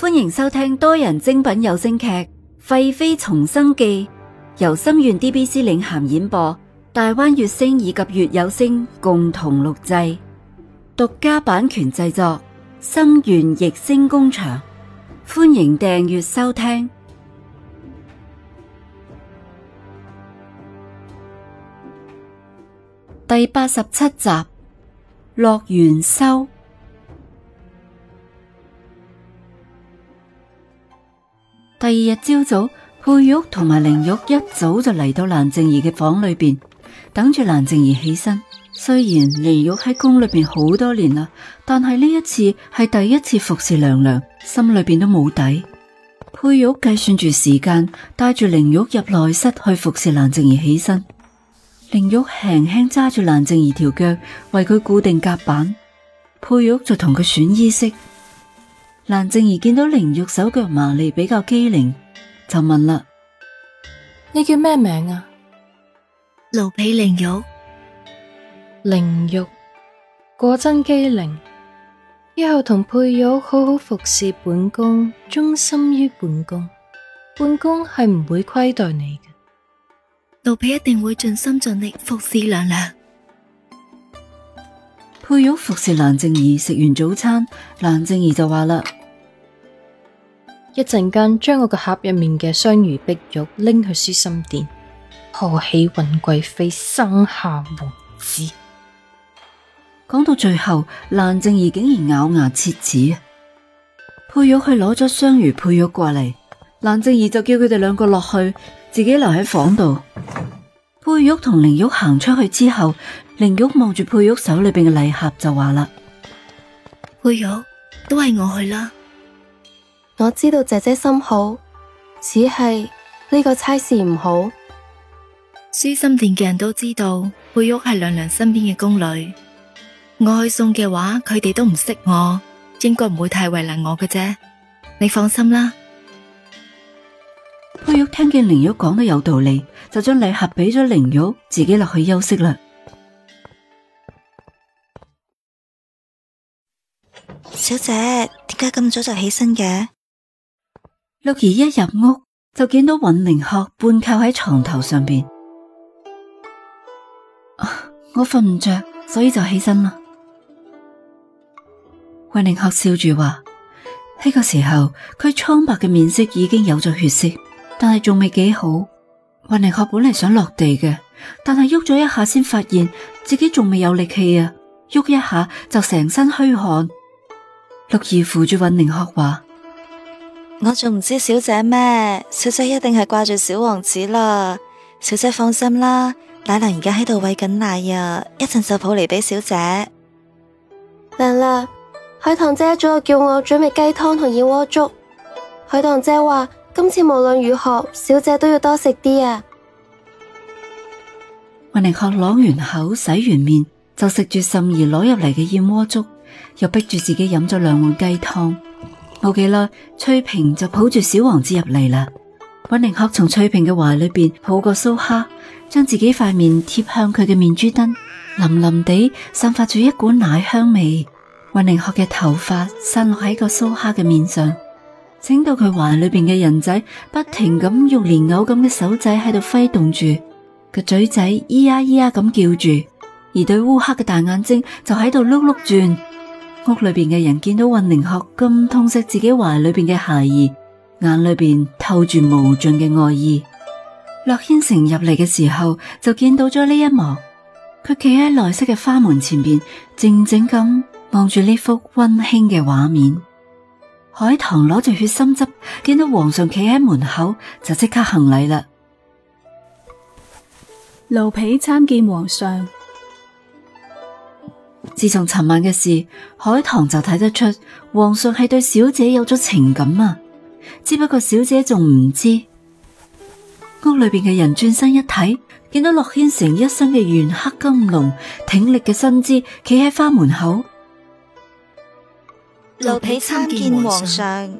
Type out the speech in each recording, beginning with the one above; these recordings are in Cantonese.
歡迎收聽多人精品有聲劇《廢妃重生記》，由心願 DBC 領銜演播，大灣月星以及月有聲共同錄製，獨家版權製作，心願逸星工場。歡迎訂閱收聽第八十七集《洛元修》。第二日朝早，佩玉同埋玲玉一早就嚟到蘭靜兒嘅房裏邊，等住蘭靜兒起身。雖然玲玉喺宮裏邊好多年啦，但係呢一次係第一次服侍娘娘，心裏邊都冇底。佩玉計算住時間，帶住玲玉入內室去服侍蘭靜兒起身。玲玉輕輕揸住蘭靜兒條腳，為佢固定夾板。佩玉就同佢選衣飾。蘭靜兒見到凌玉，手腳麻利，比較機靈，就問啦，你叫咩名啊？奴婢凌玉。凌玉果真機靈，以後同佩玉好好服侍本宮，忠心於本宮，本宮係唔會虧待你嘅。奴婢一定會盡心盡力服侍娘娘。佩玉服侍蘭靜兒食完早餐，蘭靜兒就話啦。一陣間，將我個盒入面嘅雙魚碧玉拎去舒心殿，賀喜雲貴妃生下王子。講到最後，蘭靜兒竟然咬牙切齒啊！佩玉去攞咗雙魚佩玉過嚟，蘭靜兒就叫佢哋兩個落去，自己留喺房度。佩玉同玲玉行出去之後，玲玉望住佩玉手裏邊嘅禮盒就話啦：佩玉，都係我去啦。我知道姐姐心好，只係呢個差事唔好。舒心殿嘅人都知道，佩玉係娘娘身邊嘅宮女，我去送嘅話，佢哋都唔識我，應該唔會太為難我嘅啫。你放心啦。佩玉聽見玲玉講得有道理，就將禮盒俾咗玲玉，自己落去休息啦。小姐，點解咁早就起身嘅？六兒一入屋就見到尹寧鶴半靠喺床頭上邊、啊，我瞓唔着，所以就起身啦。尹寧鶴笑住話：呢、這個時候佢蒼白嘅面色已經有咗血色，但係仲未幾好。尹寧鶴本嚟想落地嘅，但係喐咗一下先發現自己仲未有力氣啊，喐一下就成身虛汗。六兒扶住尹寧鶴話。我仲唔知小姐咩？小姐一定係掛住小王子啦！小姐放心啦，奶娘而家喺度餵緊奶啊，一陣就抱嚟俾小姐。娘娘，海棠姐早就叫我準備雞湯同燕窩粥。海棠姐話今次無論如何，小姐都要多食啲啊！云寧學朗完口，洗完面，就食住甚而攞入嚟嘅燕窩粥，又逼住自己飲咗兩碗雞湯。冇幾耐，翠平就抱住小王子入嚟啦。尹寧鶴從翠平嘅懷裏邊抱過蘇蝦，將自己塊面貼向佢嘅面珠燈，腍腍地散發住一股奶香味。尹寧鶴嘅頭髮散落喺個蘇蝦嘅面上，整到佢懷裏邊嘅人仔不停咁用蓮藕咁嘅手仔喺度揮動住，個嘴仔咿呀咿呀咁叫住，而對烏黑嘅大眼睛就喺度碌碌轉。屋裏邊嘅人見到運寧學咁痛惜自己懷裏邊嘅孩兒，眼裏邊透住無盡嘅愛意。洛軒成入嚟嘅時候就見到咗呢一幕，佢企喺內室嘅花門前邊，靜靜咁望住呢幅溫馨嘅畫面。海棠攞住血心汁，見到皇上企喺門口，就即刻行禮啦，奴婢參見皇上。自從尋晚嘅事，海棠就睇得出皇上係對小姐有咗情感啊！只不過小姐仲唔知。屋裏邊嘅人轉身一睇，見到洛軒成一身嘅玄黑金龍，挺立嘅身姿企喺花門口。奴婢參見皇上。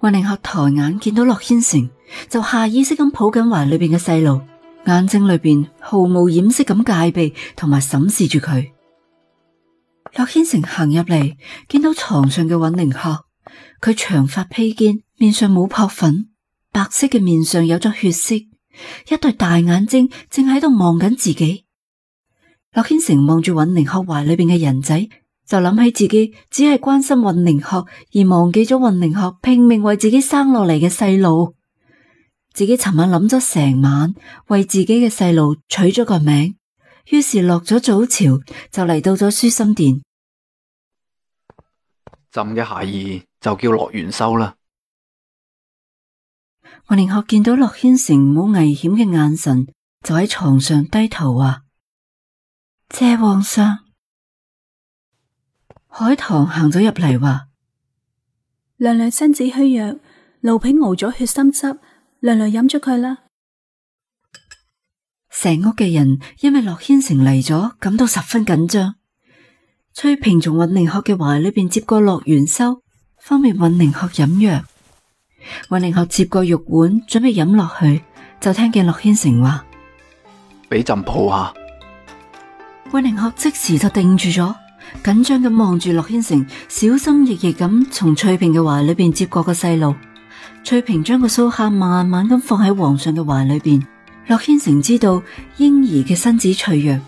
雲寧學抬眼見到洛軒成，就下意識咁抱緊懷裏邊嘅細路。眼睛裏邊毫無掩飾咁戒備，同埋審視住佢。洛軒成行入嚟，見到床上嘅尹寧鶴，佢長髮披肩，面上冇撲粉，白色嘅面上有咗血色，一對大眼睛正喺度望緊自己。洛軒成望住尹寧鶴懷裏邊嘅人仔，就諗起自己只係關心尹寧鶴，而忘記咗尹寧鶴拼命為自己生落嚟嘅細路。自己尋晚諗咗成晚，為自己嘅細路取咗個名，於是落咗早朝就嚟到咗舒心殿。朕嘅孩兒就叫洛元修啦。我寧學見到洛軒城冇危險嘅眼神，就喺床上低頭話：謝皇上。海棠行咗入嚟話：娘娘身子虛弱，奴婢熬咗血心汁。娘娘飲咗佢啦！成屋嘅人因為洛軒成嚟咗，感到十分緊張。翠平從尹寧學嘅懷裏邊接過洛元修，方便尹寧學飲藥。尹寧學接過玉碗，準備飲落去，就聽見洛軒成話：俾朕抱下。尹寧學即時就定住咗，緊張咁望住洛軒成，小心翼翼咁從翠平嘅懷裏邊接過個細路。翠平將個蘇蝦慢慢咁放喺皇上嘅懷裏邊，洛軒成知道嬰兒嘅身子脆弱，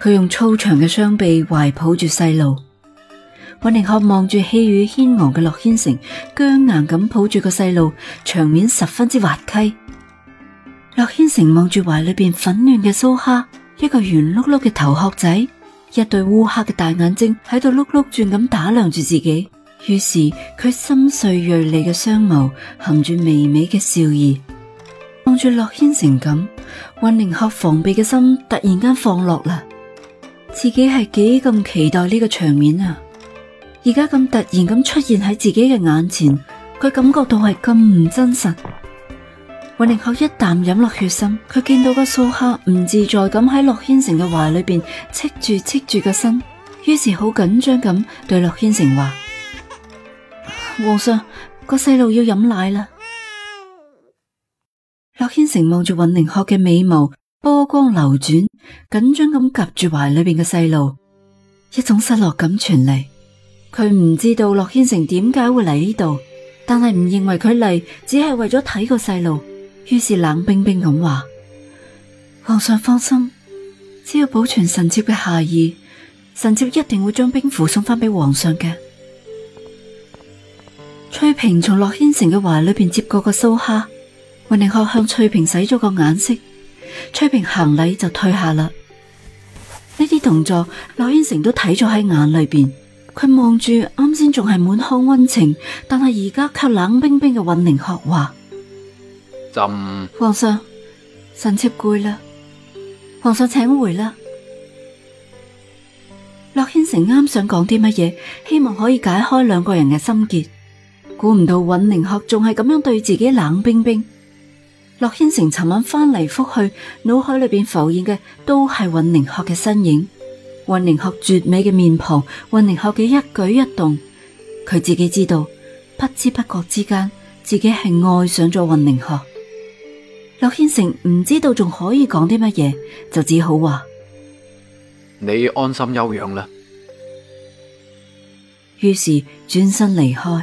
佢用粗長嘅雙臂懷抱住細路，韋寧鶴望住氣宇軒昂嘅洛軒成，僵硬咁抱住個細路，場面十分之滑稽。洛軒成望住懷裏邊粉嫩嘅蘇蝦，一個圓碌碌嘅頭殼仔，一對烏黑嘅大眼睛喺度碌碌轉咁打量住自己。於是佢深邃銳利嘅雙眸含住微微嘅笑意，望住洛軒成咁，運寧鶴防備嘅心突然間放落啦。自己係幾咁期待呢個場面啊！而家咁突然咁出現喺自己嘅眼前，佢感覺到係咁唔真實。運寧鶴一啖飲落血心，佢見到個蘇克唔自在咁喺洛軒成嘅懷裏邊，戚住戚住個身。於是好緊張咁對洛軒成話。皇上，那個細路要飲奶啦！洛軒成望住尹寧學嘅美貌，波光流轉，緊張咁夾住懷裏邊嘅細路，一種失落感傳嚟。佢唔知道洛軒成點解會嚟呢度，但係唔認為佢嚟只係為咗睇個細路，於是冷冰冰咁話：皇上放心，只要保存臣妾嘅下意，臣妾一定會將兵符送翻俾皇上嘅。翠平從洛軒成嘅懷裏邊接過個蘇蝦，運寧鶴向翠平使咗個眼色，翠平行禮就退下啦。呢啲動作，洛軒成都睇咗喺眼裏邊。佢望住啱先仲係滿腔溫情，但係而家卻冷冰冰嘅運寧鶴話：朕浸皇上，臣妾攰啦，皇上請回啦。洛軒成啱想講啲乜嘢，希望可以解開兩個人嘅心結。估唔到尹寧鶴仲係咁樣對自己冷冰冰。洛軒成尋晚翻嚟覆去，腦海裏邊浮現嘅都係尹寧鶴嘅身影，尹寧鶴絕美嘅面龐，尹寧鶴嘅一舉一動。佢自己知道，不知不覺之間，自己係愛上咗尹寧鶴。洛軒成唔知道仲可以講啲乜嘢，就只好話：你安心休養啦。於是轉身離開。